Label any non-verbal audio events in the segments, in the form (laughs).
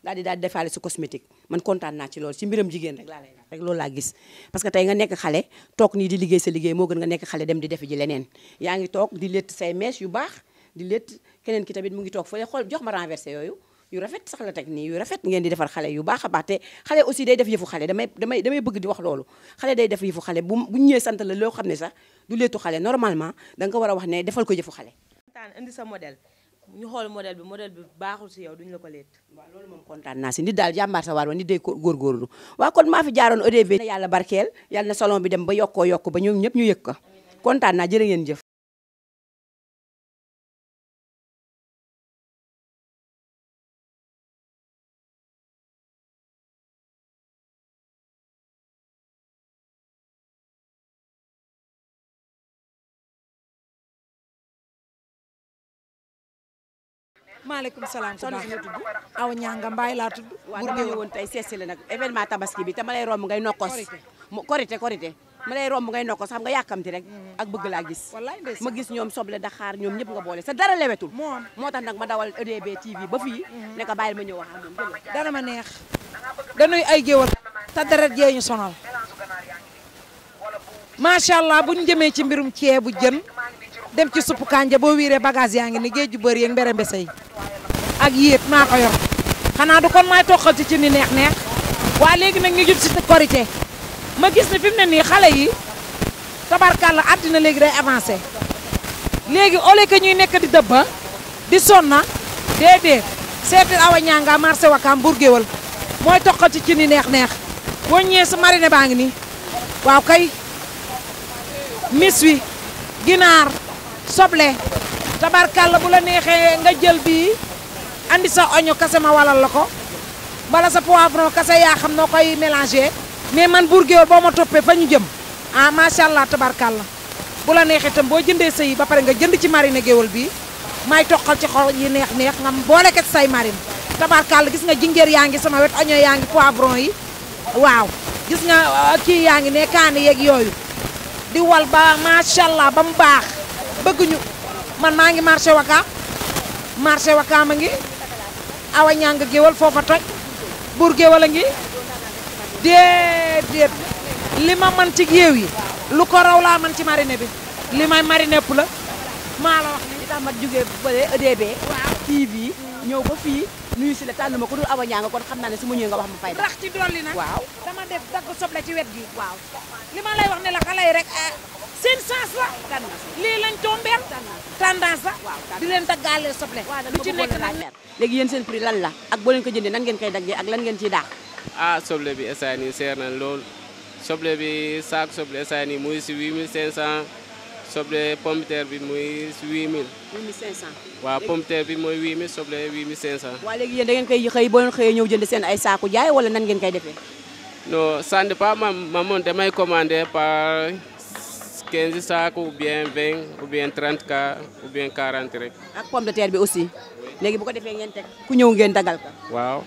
daal di daal di defaale si cosmétique man kontaan naa ci loolu si mbiram jigéen rek laa lay naan rek loolu laa gis parce que tey nga nekk xale toog nii di liggéey sa liggéey moo gën nga nekk xale dem di defe ji leneen yaa ngi toog di létt say mèches yu baax di létt keneen ki tamit mu ngi toog fële xool jox ma renversé yooyu yu rafet sax la teg nii yu rafet ngeen di defar xale yu baax a baax te xale aussi day def yëfu xale damay damay damay bëgg di wax loolu xale day def yëfu xale bu bu sant la loo xam ne sax du léttu xale normalement da ko war a wax ne defal ko yëfu xale indi sa modèle ñu xool modèle bi modèle bi baaxul si yow duñu la ko leet waaw loolu moom kontaan naa si nit daal jàmbaar sa waar wa nit day góorgóorlu waaw kon maa fi jaaroon EDV na yàlla barkeel yàlla na salon bi dem ba yokkoo yokk ba ñoom ñëpp ñu yëg ko kontaan naa jërë ngeen jëf maaleykum salaam ku baax aw ñanga mbaay laa tudd waaw dama ñëwoon tey seesi la nag événement tabaski bi tama ma lay romb ngay nokkos korité korité ma lay romb ngay nokkos xam nga yàkkamti rek ak bëgg laa gis ma gis ñoom soble daxaar ñoom ñëpp nga boole sa dara lewetul moo tax nag ma dawal EDB TV ba fii mhm. ne ko bàyyil ma ñëw wax ak moom dana ma neex dañuy ay géwal te deret jee ñu sonal macha allah buñ jëmee ci mbirum ceebu jën dem ci supp kanja bo wiré bagage yaangi ni geejju beur bëri yeeg mbere mbese yi ak yéet mako yor xana du kon may tokal ci ci ni neex neex wa léegi nag ñu jub ci korité ma gis ni fimné ni xalé yi tabarkallah adina légui day avancer légui olé ñuy nekk di debba di sonna dédé awa ñanga marché bourguewal moy tokal ci ci ni neex neex waaw kay wi soble tabarkal bu la nexé nga jël bi andi sa oignon kase ma walal lako bala sa poivron kase ya xam noo koy mais man buur bo ma topé fa ñu jëm ah sha allah tabarkàlla bu la nexé tam bo jëndé sey ba paré nga jënd ci marine géwél bi may toqal ci xol yi neex neex kat say marine gis nga jinger yaangi sama wet oignon yangi poivron yi waaw gis nga uh, ki yaangi ngi ne kaani yeeg di wal ba sha allah bam bax bëgguñu man maa ngi marché waka marché waka ma ngi awa ñang géwal foofa toj buur géwal a ngi déedéet li ma man ci géew yi lu ko raw laa man ci mariné bi li may marine pu la maa la wax ni tax ma jógee bële EDB TV ñëw ba fii nuyu si la tànn ma ko dul awa ñang kon xam naa ne su ma ñëwee nga wax ma fay rax ci dolli nag waaw dama def dagg soble ci wet gi waaw li lay wax ne la xale rek eh, seen chance la lii lañ tombeel tendance la di leen daggaalee soble lu ci nekk nag léegi yéen seen prix lan la ak boo leen ko jëndee nan ngeen koy daggee ak lan ngeen ciy daax ah soble bi essay nii seer na lool soble bi saak soble essay nii muy si 8500 soble pomme de terre bi muy si 8000 8500 waaw pomme de terre bi mooy 8000 soble 8500 waaw léegi yéen da ngeen koy xëy boo leen xëyee ñëw jënd seen ay saaku jaay wala nan ngeen koy defee non ça dépend ma man moom damay commandé 15 sacs ou bien 20 ou bien 30 cas ou bien 40 rek. ak pomme de terre bi aussi. léegi bu ko defee ngeen teg ku ñëw ngeen dagal ko. waaw.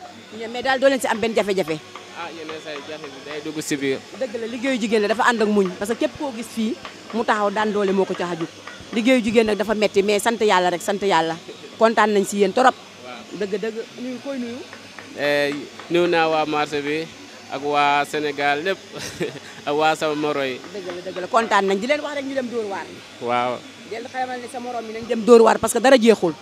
mais daal doo leen si am benn jafe-jafe. ah yeneen say jafe bi day dugg si biir. dëgg la liggéeyu jigéen la dafa ànd ak muñ parce que képp koo gis fii mu taxaw daan doole moo ko cax a jóg liggéeyu jigéen nag dafa metti mais sant yàlla rek sant yàlla kontaan nañ si yéen torop. dëgg dëgg nuyu koy nuyu. Eh, nuyu naa waa marché bi ak waa Sénégal lépp. (laughs) waa sama moro yi. dëgg la dëgg la kontaan nañ di leen wax rek ñu dem Dóor waar. waaw di leen xamal ne sa morom mi nañ dem Dóor parce que dara jeexul.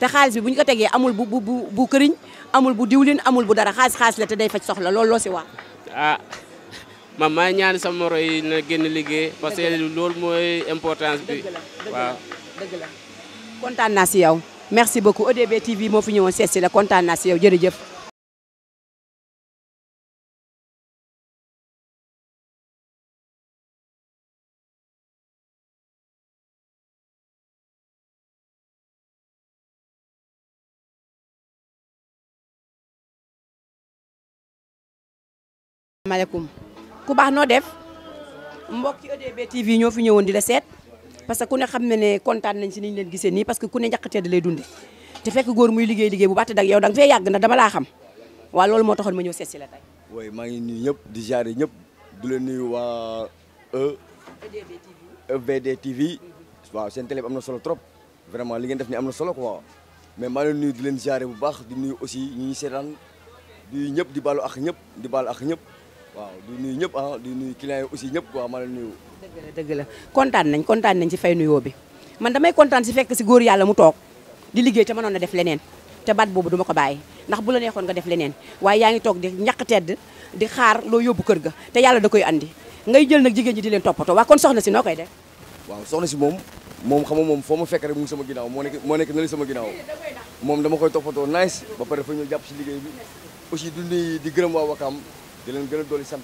te bi bu ko amul bu bu bu këriñ amul bu diwlin amul bu dara xaalis xaalis la te day faj soxla loolu loo si ah mamanya maa ñaan sama moro yi na génn liggéey. parce que loolu mooy importance bi. waaw dëgg la kontaan naa si yow. merci beaucoup ODB e TV moo fi la kontaan naa yow malakum ku bax no def mbokki odb TV ño fi ñewon di la set parce que ku ne xam ne ne kontaan nañ ci niñ leen gisee ni parce que ku ne ñakate da lay dundé te fekk goor muy liggéey liggéey bu baax dag yow danga fee yag na dama la xam wa loolu mo taxone ma ñew seet si la tay way ma ngi nuyu ñep di jaare ñep du leen nuyu wa E. odb e TV. waaw tv wa sen télé amna solo trop vraiment li ngeen def ni amna solo quoi mais ma leen nuyu di leen jaare bu baax di nuyu aussi ñi sétane di ñep di balu ak ñep di balu ak ñep waaw di nuyu ñëpp ah di nuyu aussi ñëpp quoi ma la nuyu. dëgg la kontaan nañ kontaan nañ si fay nuyoo bi man damay kontaan si fekk si góor yàlla mu toog di liggéey te mënoon na def leneen te bat boobu duma ko bàyyi ndax bu la neexoon nga def leneen waaye yaa ngi toog di ñàkk tedd di xaar loo yóbbu kër ga te yàlla da koy andi ngay jël nag jigéen ñi di leen toppatoo waa kon soxna si noo koy def. waaw soxna si moom moom xam nga moom foo ma fekk rek mu ngi sama ginnaaw moo nekk moo nekk na li sama ginnaaw moom dama koy toppatoo nice ba pare fa ñëw jàpp si liggéey bi aussi du nuyu di gërëm waa di len gën doli sant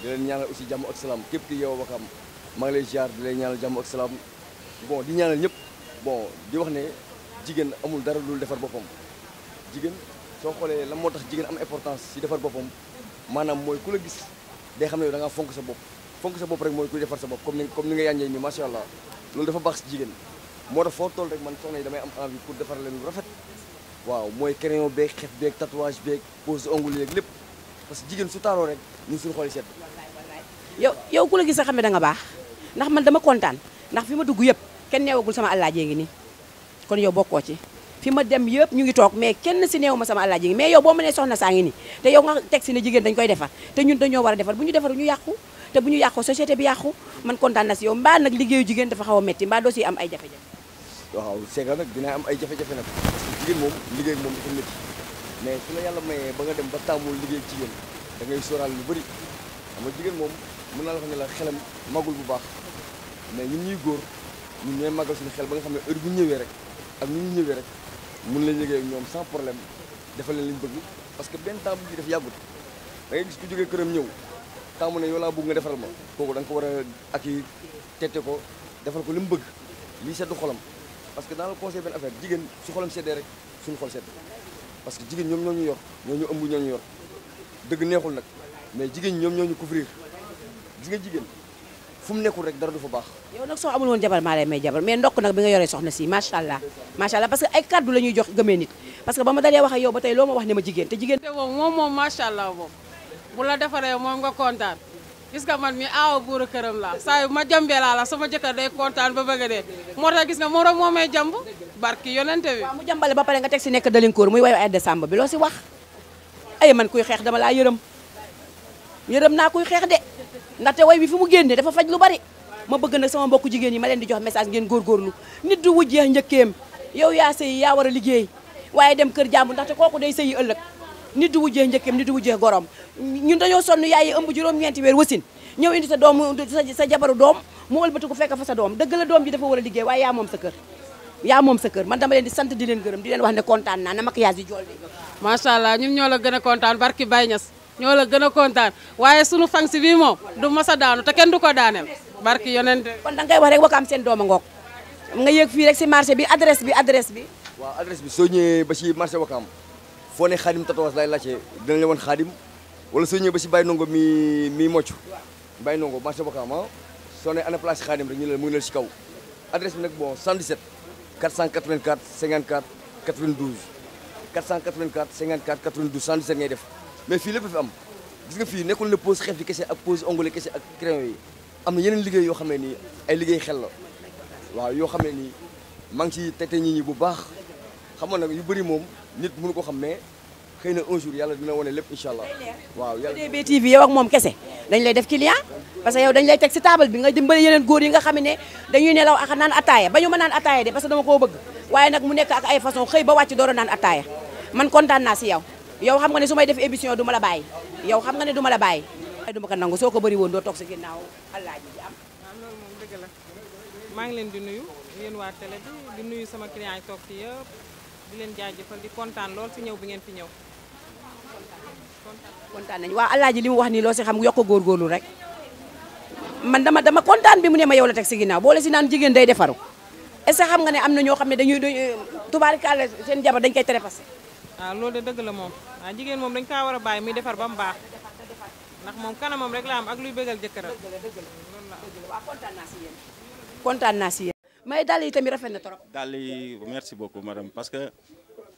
di len ñaanal aussi jamm ak salam kep ki yow Wakam ma ngi lay ziar di leen ñaanal jamm ak salam bon di ñaanal ñëpp bon di wax ne jigen amul dara lu defar bopam jigen so xolé lan moo tax jigéen am importance si defar bopam manam moy kula gis day xam da nga fonk sa bop fonk sa bop rek moy kuy defar sa bop comme ni comme ni nga yagne ni sha allah loolu dafa bax si jigéen moo tax foo toll rek man soxna damay am envie pour defar len lu rafet waaw moy crayon beeg xef beeg tatouage beeg pose ongul yeeg lepp parce jigen su taro rek ñu suñu xol set yow yow ku la gis sa xamé da nga bax ndax man dama contane ndax fima dugg yëpp kenn sama àllaajee ngi ni kon yow bokko ci fima dem yépp ñu ngi tok mais kenn si neewu sama àllaajee ngi mais yow bo mëne soxna sa ngi ni té yow nga tek si na jigen dañ koy defar té ñun dañu wara a defar bu ñu defaru ñu yàqu te bu ñu yàqu société bi yaqku man contane na si yow mbaa nag liggéeyu jigen dafa xawa metti mbaa doo si am ay jafé jafé waaw ségal nak dina am ay jafé jafé nak jigen mom liggéey dafa metti mais su la yàlla mayee ba nga dem ba tàmmul liggéey ak jigéen da ngay sóoraal lu bëri xam nga jigéen moom mën naa la xam ne la xelam magul bu baax mais ñun ñuy góor ñun ñooy màggal suñu xel ba nga xam ne heure bu ñëwee rek ak ñu ñu ñëwee rek mun lañ liggéey ak ñoom sans problème defal leen liñ bëgg parce que benn temps bu ñuy def yàggut da ngay gis ku jógee këram ñëw tàmm ne yow laa bëgg nga defaral ma kooku da ko war a ak yi tette ko defal ko li mu bëgg li seddu xolam parce que dans le conseil benn affaire jigéen su xolam seddee rek suñu xol sedd parce que jigéen ñoom ñoo ñu yor ñoo ñu ëmb ñoo ñu yor dëgg jigéen ñoom ñoo ñu couvrir gis nga jigéen fu mu nekkul rek dara du fa baax. yow nag soo amul woon jabar maa lay may jabar mais ndokk nag bi nga yoree a si macha allah macha allah parce que ay kàddu la ñuy jox gëmee nit parce que ba ma dalee wax ak yow ba tey loo ma wax ne ma jigéen te jigéen. te moom moom moom macha allah moom bu la defaree moom nga kontaan gis nga man mi aawa buuru këram laa saa ma jambee laa la sama jëkkër day kontaan ba bëgg moo tax gis nga moom rek moo may jamb barki yonenté wi mu jambalé ba paré nga teg si nekk dalinkoor muy wayo Aïda Samb bi lo ci wax ay man kuy xex dama la yeureum yeureum na kuy xex dé ndaté way bi fimu mu dafa faj lu bari ma bëgg nak sama mbokk jigéen yi ma leen di jox message ngeen gorlu nit du wujjeex njëkkeem yow ya sey ya wara liggéey waye dem kër jàmbu ndaxte koku day sey ëlëk nit du wujjeex njëkkeem nit du wujjeex gorom ñun dañoo sonu yaay yi ëmb juroom ñenti wër wasin ñëw indi sa doom sa jabaru doom mu wëlbati ko fekk fa sa doom deug la doom ji dafa wara liggéey waye ya mom sa kër Ya mom sa keur man dama len di sante di len geureum di len wax ne contane na na maquillage jool de sha allah ñun ñoo la gëna contane barki Baye Niass ñoo la gëna contane waye suñu sunu bi mom du ma sa daanu te kenn du ko daanel barki yonent kon da ngay wax rek wakaam sen dooma ngok nga yegg fi rek ci marché bi adresse bi adresse bi wa adresse bi so ñëwee ba ci marché wakaam fo ne xaadim tatouage lay laajte da ngay won xaadim wala so ñëwee ba ci Baye nongo mi mi moccu Baye nongo marché wakaam ah soo ne ana place xaadim rek ñu ne mu ngi leen ci kaw adresse bi nak bon 117 484 54 92 484 54 92 117 def mais fi lepp fi am gis nga fi nekul ne pose xef bi kessé ak pose onglet kessé ak crayon yi amna yeneen liggéey yo ne ay liggéey xel la waaw yo ne mang ci tété ñi bu baax xamone nak yu bëri mom nit mënu ko xam mais un jour yalla dina woné lepp inshallah waaw TV yow ak dañ lay def client parce que yow dañ lay tek ci table bi nga dimbali yeneen goor yi nga xam ne dañuy nelaw ak nan ataaya bañu ma nan ataaya de parce que dama ko bëgg waaye nak mu nekk ak ay façon xey ba wacc door a naan man contane na ci yow yow xam nga ne sumay def émission duma la bàyyi yow xam nga ne duma la bàyyi du ma ko nangu soko bari won do tok ci si allah ji am loolu mom dëgg la ma ngi leen di nuyu yeen wa télé bi di nuyu sama client yi tok fi yëpp di leen jaajeufal di contane lool ci ñew bi ngeen fi ñew kontaan nañu waaw alaaji li mu wax nii loo si xam yokk góorgóorlu rek man dama dama kontaan bi mu ne ma yow la teg si ginnaaw boole si naan jigéen day defaru est xam nga ne am na ñoo xam ne dañuy euh, tubaarikàlla seen jabar dañ koy trépassé waaw ah, loolu de dëgg la moom waaw ah, jigéen moom dañ kaa war a bàyyi muy defar ba mu baax ndax moom kanamam rek la am ak luy bégal jëkkëram waaw kontaan naa si kontaan naa si yéen may dàll yi tamit rafet na trop dàll yi merci beaucoup madame parce que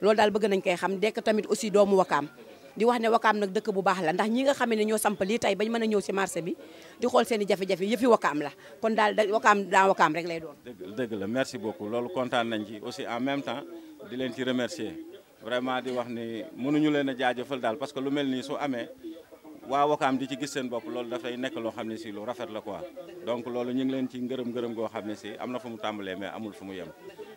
loolu daal bëgg nañ koy xam dekk tamit aussi doomu wakaam di wax ne wakaam nag dëkk bu baax la ndax ñi nga xam ne ñoo samp lii tey bañ mën a ñëw si marché bi di xool seen i jafe-jafe yëfi wakaam la kon daal da wakaam daa wakaam rek lay doon. dëgg dëgg la merci beaucoup loolu kontaan nañ ci aussi en même temps di leen ci remercier vraiment di wax ni mënuñu leen a jaajëfal daal parce que lu mel nii su amee waa wakaam ci gis seen bopp loolu dafay nekk loo xam ne si lu rafet la quoi donc loolu ñu ngi leen ci ngërëm ngërëm goo xam ne si am na fu mu tàmbalee mais amul fu mu yem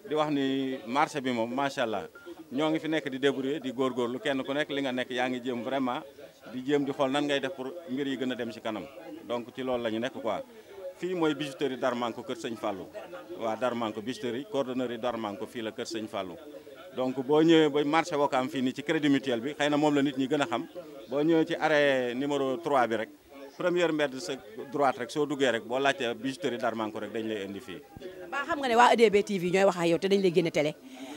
di wax ni marché bi moom macha allah ñoo ngi fi nekk di débrouiller di lu kenn ku nekk li nga nekk yaa ngi jéem vraiment di jéem di xool nan ngay def pour mbir yi gën a dem si kanam donc ci loolu la ñu nekk quoi fii mooy bijouterie Darmanko kër Sëñ Fallou waa Darmanko bijouterie coordonnerie Darmanko fii la kër Sëñ Fallou donc boo ñëwee ba marché Wakaam fii nii ci crédit mutuel bi xay na moom la nit ñi gën a xam boo ñëwee ci arrêt numéro 3 bi rek première mbedd sa droite rek soo duggee rek boo laajte bijouterie Darmanko rek dañ lay indi fii. ba xam nga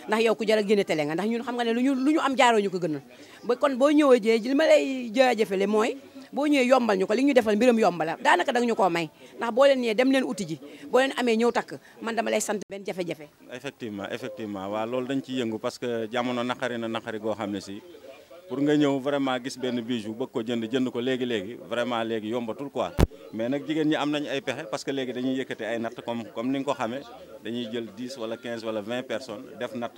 ndax yow ku jar a génne nga ndax ñun xam nga ne luñu lu ñu am jaaroo ñu ko gënal kon boo ñëwee jee li ma lay jaajëfale mooy boo ñëwee yombal ñu ko li ñu defal mbiram yombala daanaka danga ñu ko may ndax boo leen ñëwee dem leen uti ji boo leen amee ñëw takk man dama lay sant benn jafe-jafe effectivement effectivement waaw loolu dañ ci yëngu parce que jamono naqari na naqari goo xam ne si pour nga ñëw vraiment gis ben bijou bëgg ko jënd jënd ko légui légui vraiment légui yombatul quoi mais nak jigéen ñi am nañ ay pexe parce que légui dañuy yëkkati ay natt comme comme ni nga xamé dañuy jël 10 wala 15 wala 20 personnes def natt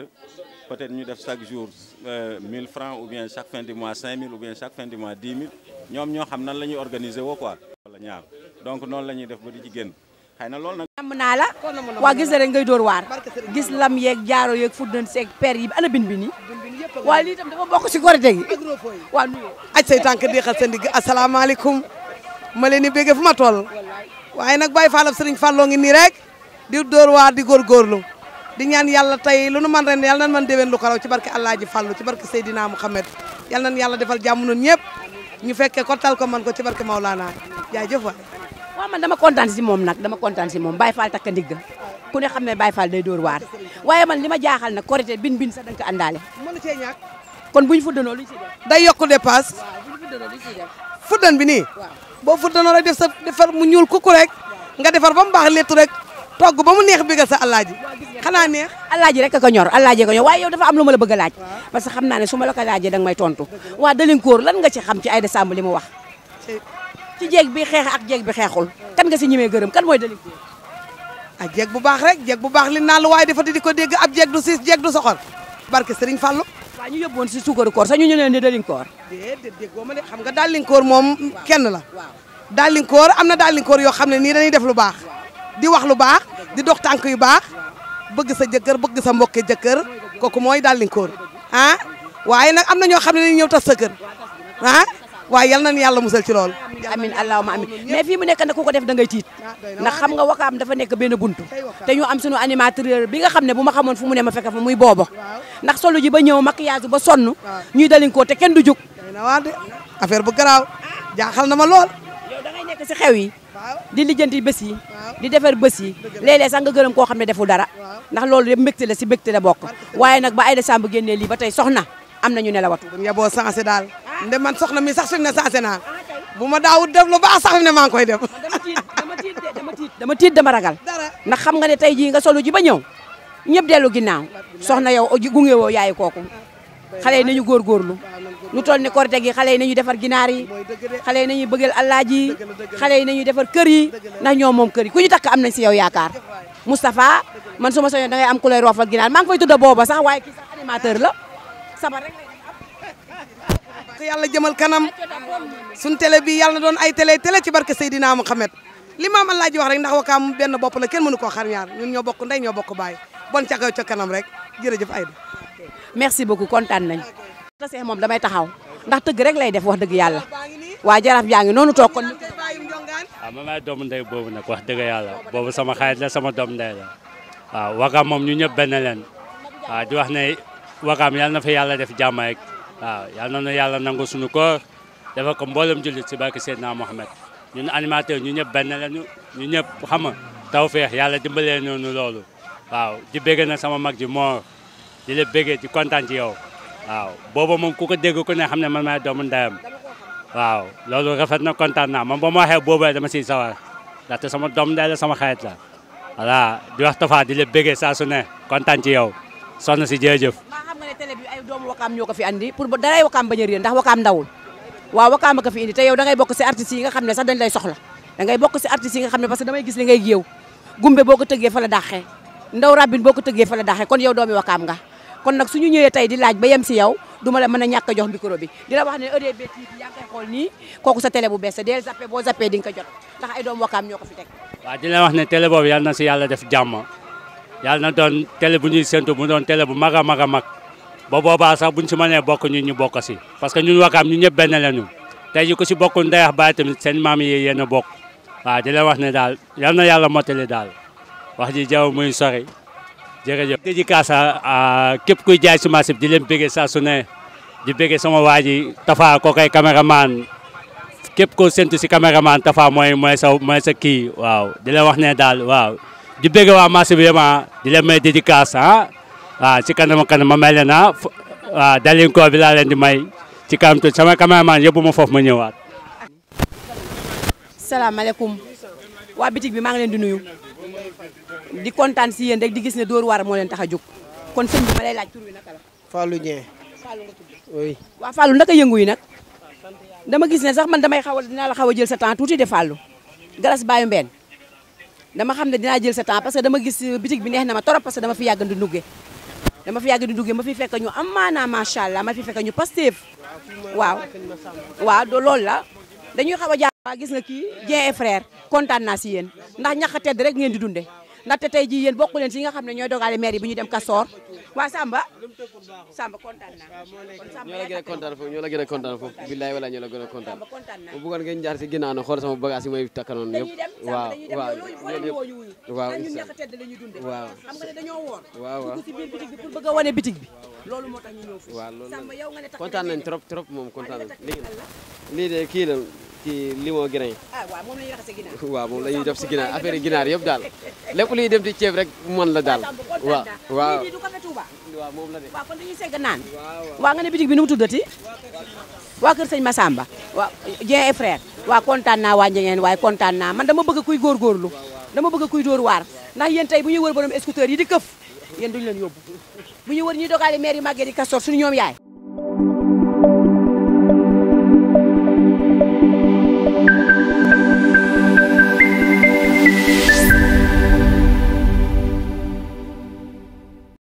peut-être ñu def chaque jour 1000 euh, francs ou bien chaque fin du mois 5000 ou bien chaque fin du mois 10000 ñom ño xam nan lañuy ñuy organiser woo quoi wala ñaar donc non lañuy def ba di ci génn xayna lool nak am na la wa gis na rek ngay door waar gis lam yek jaaro yeeg fuddante seeg père yi ana bin bi nii waaye lii tam dafa bokk ci Korité gi waaw nuyu aj say tànk deexal sa ndigg asalaamaaleykum ma leen di béggee fu ma toll waaye nag Baye Fallab Sëriñ Falloo ngi nii rek di door waar di góorgóorlu di ñaan yàlla tey lu nu man ren yàlla nan man déwén lu ko raw ci barke Allaaji Fallu ci barke Seydina Muhammad yàlla nan yàlla defal jàmm noonu ñëpp ñu fekke ko tal ko man ko ci barke Maulana jaajëf waay waaw man dama kontaan si moom nag dama kontaan si moom Baye Fall takk ndigg ku ne xamne Baye Fall day door waat waye man lima jaaxal nak korité bin bin sa dank andale ko ci ñak kon buñ ñu fuddanoo lu ñu def. day yokku dépasse. waaw bu ñu fuddanoo def. fuddan bi ni bo boo fuddanoo rek def sa defal mu ñuul kuku rek. nga defal ba mu baax lettu rek. togg ba mu neex bi ga sa alaaji xana neex alaaji rek ko ñor alaaji ko ñor waye yow dafa am luma la bëgg laaj parce que xamna ne suma ma la ko laajee danga may tontu waa koor lan nga ci xam ci ay Samb li mu wax ci jégg bi xex ak jégg bi xexul kan nga ci ñëmé gërëm kan mooy Dalinkoor a ah, jeeg bu baax rek jeeg bu baax li naan la waaye dafa di ko dégg ab jeeg du siis jeeg du soxor barke Serigne Fallou waaw ñu yóbbu woon si suukaru koor sax ñu ñu leen di dalinkoor déedéet déggoo ma de xam nga dalinkoor moom kenn la dalinkoor am na koor yoo xam ne nii dañuy def lu baax di wax lu baax di dox tànk yu baax bëgg sa jëkkër bëgg sa mbokke jëkkër kooku mooy dalinkoor ah waaye nag am na ñoo xam ne dañuy ñëw tas sa kër ah waaye yal nañu yàlla musal ci lool amin allahuma amin mais fii mu nekk nag ku ko def da ngay tiit ah, ndax xam nga am dafa nekk benn buntu te ñu am suñu animateur bi nga xam ne bu ma xamoon fu mu ne ma fekk fa muy boobo ndax solo ji ba ñëw maquillage ba sonn ñuy dalin ko te kenn du jug affaire bu garaaw jaaxal na ma lool yow da nekk si xew yi di lijjanti bés yi di defar bës yi léeg sanga gërëm koo xam ne deful dara ndax loolu yëpp mbégte la si mbégte la bokk waaye nag ba Aïda Samb génnee lii ba tey soxna am nañu ne la watu yaboo sensé nde man soxna mi sax suñu mu ne buma naa def lu baax sax ne ma ngoy def. dama tiit dama tiit dama tiit dama ragal. ndax xam nga ne tay ji nga solo ji ba ñëw ñëpp dellu soxna yow gunge woo yaay koku xalé nañu gor góorgóorlu lu toll ni korite gi xalé nañu défar ginaar yi xalé nañu bëggal allah ji xalé nañu défar kër yi ndax ñoom mom kër yi ku ñu takk am nañ ci yow yaakar mustafa man suma soñu da ngay am ku lay ginaar ma ngi fay tudda booba sax waye ki sax animateur la sabar rek yalla jëmal kanam sun télé bi yalla doon ay télé télé ci barké sayidina muhammad limam allah ji wax rek ndax wakam ben bop la kenn mënu ko xar ñaar ñun ño bokk nday ño bokk bay bon ci gaw ci kanam rek jërëjëf Aïda. merci beaucoup contane nañ tasee mom damay taxaw ndax teug rek lay def wax deug yalla wa jaraf yaangi nonu noonu toog kon. waaw ah, man maay doomu ndey wax deug yalla bobu sama xarit la sama dom nday la wa wakam mom ñu ñëp ben leen wa di wax ne wakam yalla na fa yalla def jamaay waaw yal na nu yàlla nangu suñu koor dafa ko mboolem jullit si barke Seydina Mohamed ñun animateur ñu ñëpp benn le ñu ñëpp xam taw tawféex yàlla dimbalee noonu loolu waaw di bégg na sama mag ji Mor di la béggee di kontaan ci yow waaw booba moom ku ko dégg ku ne xam ne man maay doomu ndeyam waaw loolu rafet na kontaan naa man ba ma waxee boobu dama si sawar ndaxte sama doom ndey la sama xarit la voilà di wax Tafa di la béggee saa su ne kontaan ci yow si jërëjëf wakaam ñoo pour daray wakaam bañ a réer ndax wakaam ndawul waaw wakaam a ko fi indi te yow da bokk si artistes yi nga xam ne sax dañ lay soxla da bokk si artistes yi nga xam ne parce damay gis li ngay géew gumbe boo ko tëggee fa la daaxee ndaw rabine boo ko tëggee fa la daaxee kon yow doomi wakaam nga kon nag suñu ñëwee tey di laaj ba yem si yow duma la mën a ñàkk a jox micro bi di la wax ne EDB TV yaa ngi xool nii kooku sa télé bu bees ko jot la wax ne télé boobu yàlla na mag ba boba sax buñ ci mané bokk ñun ñu bokk si parce que ñun wakaam ñun ñëpp benn lañu tay ji ko ci bokku nday wax baye tamit seen mam yi yeena a bokk waaw di la wax ne dal yalla yalla motali dal wax ji jaw muy sori ji a kep koy jaay ci di leen béggee sa su di béggee sama waji tafa ko kay cameraman kep ko sentu ci cameraman tafa moy moy sa moy sa ki waaw di la wax ne dal waaw di béggee wa marché yema di la may dédicace ha ah waaw ci kanam kanam ma mel ne naa ah, waaw dalinkoo di may ci kanam sama cameraman yóbbu ma foofu ma ñëwaat. salaamaaleykum waa bitig bi maa ngi leen di nuyu di kontaan si yéen rek di gis ne Dóor waar moo leen tax kon sëñ bi ma laaj tur wi naka la. Fallou Dieng. Fallou nga tudd. oui. waa Fallou naka yëngu yi nag dama gis ne sax man damay xaw a la xaw jël sa temps tuuti de Fallou Galas Baye ben dama xam ne jël sa temps parce que dama gis euh, bi neex na ma parce que dama fi dama fi yàgg di duggee ma fi fekk ñu am maanaam macha allah ma fi fekk ñu Pastef waaw waaw loolu la dañuy xaw a jàpp gis nga kii Dieng et kontaan naa si yéen ndax ñax a tedd rek ngeen di dundee ndaxte tey jii yéen bokku si nga xam ne ñooy dogale maire yi bu ñu dem Kastoor waa Samba Samba kontaan naa ñoo la a kontaan foofu ñoo la gën a kontaan foofu billaay wala ñoo la gën a kontaan bu bëggoon ngeen jaar si ginnaaw bi bi loolu moo tax ñu ñëw fii waaw loolu kontaan trop trop moom kontaan nañ de kii la ci limon ginaar yi ah waaw moom la ñuy raxase ginaar waaw moom la ñuy def si ginaar affaire yi ginaar yëpp daal lépp luy dem ci ceeb rek man la daal waaw waaw lii du café Touba waaw moom la de waaw kon dañuy segg naan waaw nga ne bitig bi nu mu tuddati waa kër sëñ Massamba waaw Dieng et frère waaw kontaan naa waa Njengeen waaye kontaan naa man dama bëgg kuy góorgóorlu dama bëgg kuy dóor waar ndax yéen tey bu ñuy wër borom scooter yi di këf yéen duñu leen yóbbu bu ñuy wër ñuy dogaale maire yi màggee di kastoor suñu ñoom yaay